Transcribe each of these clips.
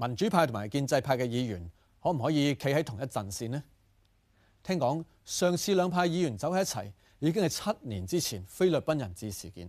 民主派同埋建制派嘅議員可唔可以企喺同一陣線呢？聽講上次兩派議員走喺一齊已經係七年之前菲律賓人質事件。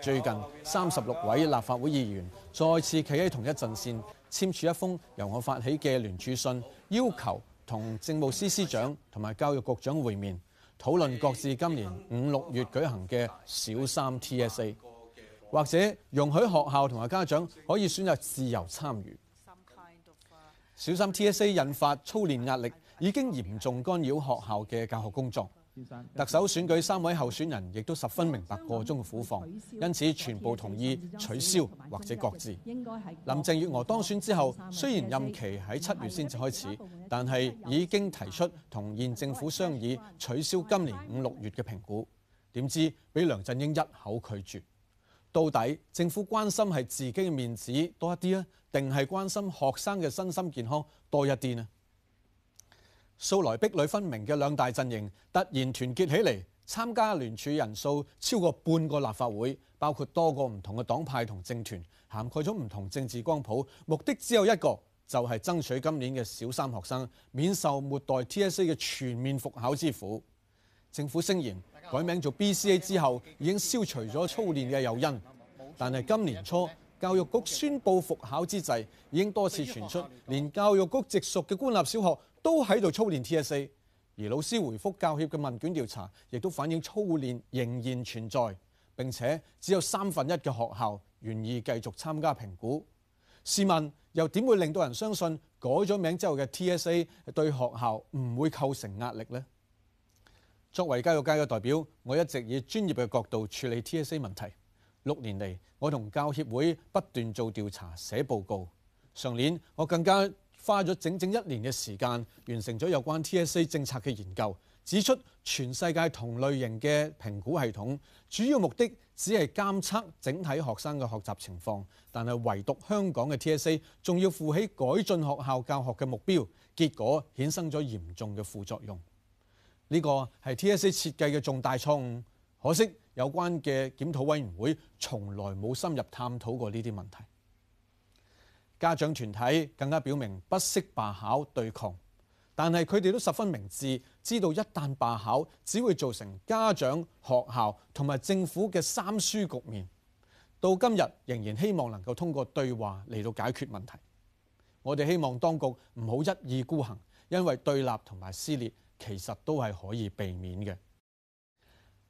最近三十六位立法會議員再次企喺同一陣線，簽署一封由我發起嘅聯署信，要求同政務司司長同埋教育局局長會面，討論各自今年五六月舉行嘅小三 TSA。或者容許學校同埋家長可以選擇自由參與，小心 TSA 引發操練壓力，已經嚴重干擾學校嘅教學工作。特首選舉三位候選人亦都十分明白個中嘅苦況，因此全部同意取消或者擱置。林鄭月娥當選之後，雖然任期喺七月先至開始，但係已經提出同現政府商議取消今年五六月嘅評估。點知俾梁振英一口拒絕。到底政府關心係自己嘅面子多一啲啊，定係關心學生嘅身心健康多一啲呢？素來壁壘分明嘅兩大陣營突然團結起嚟，參加聯署人數超過半個立法會，包括多個唔同嘅黨派同政團，涵蓋咗唔同政治光譜，目的只有一個，就係爭取今年嘅小三學生免受末代 TSA 嘅全面復考之苦。政府聲言，改名做 B C A 之後，已經消除咗操練嘅誘因，但係今年初教育局宣布復考之際，已經多次傳出，連教育局直屬嘅官立小學都喺度操練 T S A，而老師回覆教協嘅問卷調查，亦都反映操練，操練仍然存在，並且只有三分一嘅學校願意繼續參加評估。試問又點會令到人相信改咗名之後嘅 T S A 對學校唔會構成壓力呢？作為教育界嘅代表，我一直以專業嘅角度處理 TSA 問題。六年嚟，我同教協會不斷做調查、寫報告。上年，我更加花咗整整一年嘅時間，完成咗有關 TSA 政策嘅研究，指出全世界同類型嘅評估系統主要目的只係監測整體學生嘅學習情況，但係唯獨香港嘅 TSA 仲要負起改進學校教學嘅目標，結果衍生咗嚴重嘅副作用。呢個係 TSA 設計嘅重大錯誤，可惜有關嘅檢討委員會從來冇深入探討過呢啲問題。家長團體更加表明不惜罷考對抗，但係佢哋都十分明智，知道一旦罷考，只會造成家長、學校同埋政府嘅三輸局面。到今日仍然希望能夠通過對話嚟到解決問題。我哋希望當局唔好一意孤行，因為對立同埋撕裂，其實都係可以避免嘅。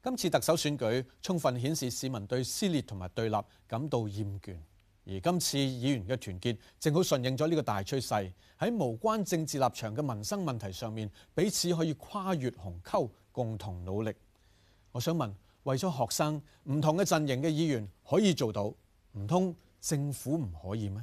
今次特首選舉充分顯示市民對撕裂同埋對立感到厭倦，而今次議員嘅團結正好順應咗呢個大趨勢，喺無關政治立場嘅民生問題上面，彼此可以跨越鴻溝，共同努力。我想問，為咗學生唔同嘅陣營嘅議員可以做到，唔通政府唔可以咩？